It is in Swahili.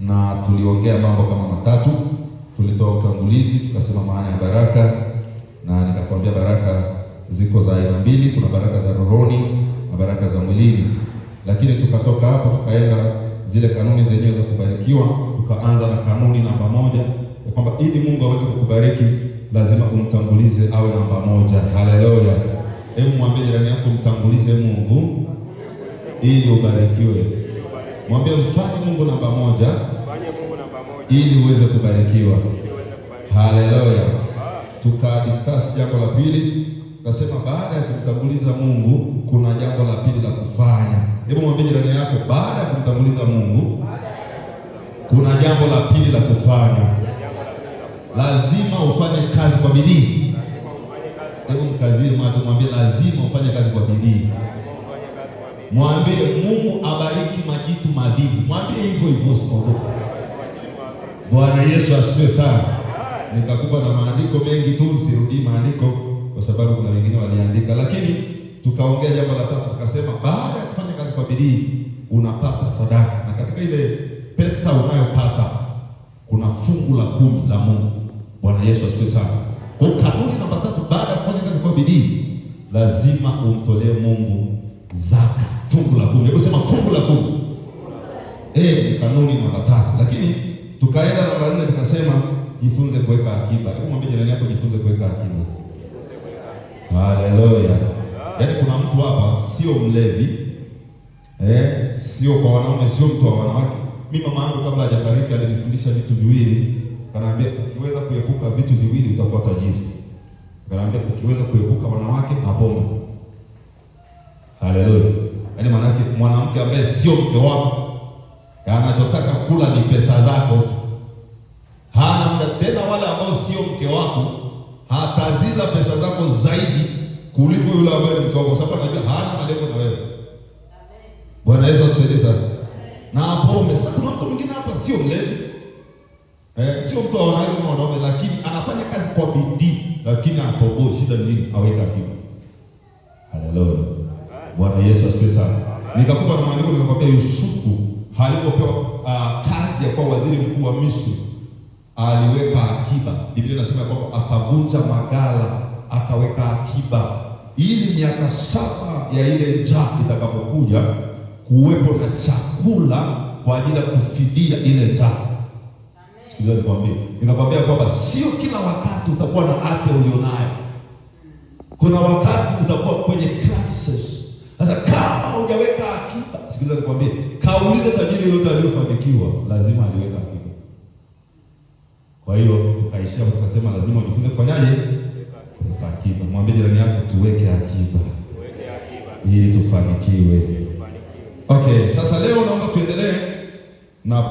na tuliongea mambo kama matatu. Tulitoa utangulizi, tukasema maana ya baraka, na nikakwambia baraka ziko za aina mbili, kuna baraka za rohoni na baraka za mwilini. Lakini tukatoka hapo tukaenda zile kanuni zenyewe za kubarikiwa, tukaanza na kanuni namba moja ya kwamba ili Mungu aweze kukubariki lazima umtangulize awe namba moja. Haleluya! Hebu mwambie jirani yako, mtangulize Mungu ili ubarikiwe. Mwambie mfanye Mungu namba moja, ili uweze kubarikiwa. Haleluya! Ah. Tuka discuss jambo la pili, tukasema baada ya kumtanguliza Mungu kuna jambo la pili la kufanya. Hebu mwambie jirani yako, baada ya kumtanguliza Mungu kuna jambo la pili la kufanya. Lazima ufanye kazi kwa bidii. Hebu mkazie macho, mwambie lazima ufanye kazi kwa bidii, mwambie mwambie hivyo hivyo, usiogope. Bwana Yesu asifiwe sana. Nikakupa na maandiko mengi tu, msirudii maandiko kwa sababu kuna wengine waliandika, lakini tukaongea jambo la tatu, tukasema baada ya kufanya kazi kwa bidii unapata sadaka, na katika ile pesa unayopata kuna fungu la kumi la Mungu. Bwana Yesu asifiwe sana. Kwa kanuni namba tatu, baada ya kufanya kazi kwa bidii lazima umtolee Mungu zaka, fungu la kumi. Hebu sema fungu la kumi. Eh, ni kanuni namba tatu. Lakini tukaenda namba nne tukasema jifunze kuweka akiba. Hebu mwambie jirani yako jifunze kuweka akiba. Haleluya. Yaani kuna mtu hapa sio mlevi. Eh, sio kwa wanaume, sio mtu wa wanawake. Mimi mama yangu kabla hajafariki alinifundisha vitu viwili. Kanaambia ukiweza kuepuka vitu viwili utakuwa tajiri. Kanaambia ukiweza kuepuka wanawake na pombe. Haleluya. Yaani maana mwanamke ambaye sio mke wako anachotaka kula ni pesa zako tu, hana muda tena. Wale ambao sio mke wako hatazila pesa zako zaidi kuliko yule ambaye ni mke wako, sababu anajua hana malengo na wewe. Bwana Yesu atusaidie sana na apombe. Sasa kuna mtu mwingine hapa sio mlevi eh, sio mtu wa wanaume, lakini anafanya kazi kwa bidii, lakini atoboi. Shida nini? Aweka akiba. Haleluya, Bwana Yesu asifiwe sana. Nikakupa na maandiko nikakwambia Yusufu alipopewa uh, kazi ya kuwa waziri mkuu wa Misri aliweka akiba. Biblia inasema kwamba akavunja magala akaweka akiba, ili miaka saba ya ile njaa itakapokuja kuwepo na chakula kwa ajili ya kufidia ile njaa. Sikiliza nikwambie, nikakwambia kwamba sio kila wakati utakuwa na afya ulionayo. Kuna wakati utakuwa kwenye crisis Sikiliza nikwambie, kauliza tajiri yote aliyofanikiwa, lazima aliweka akiba. Kwa hiyo tukaishia tukasema lazima ujifunze kufanyaje, weka akiba. Mwambie jirani yako, tuweke akiba ili tufanikiwe. Okay, sasa leo naomba tuendelee na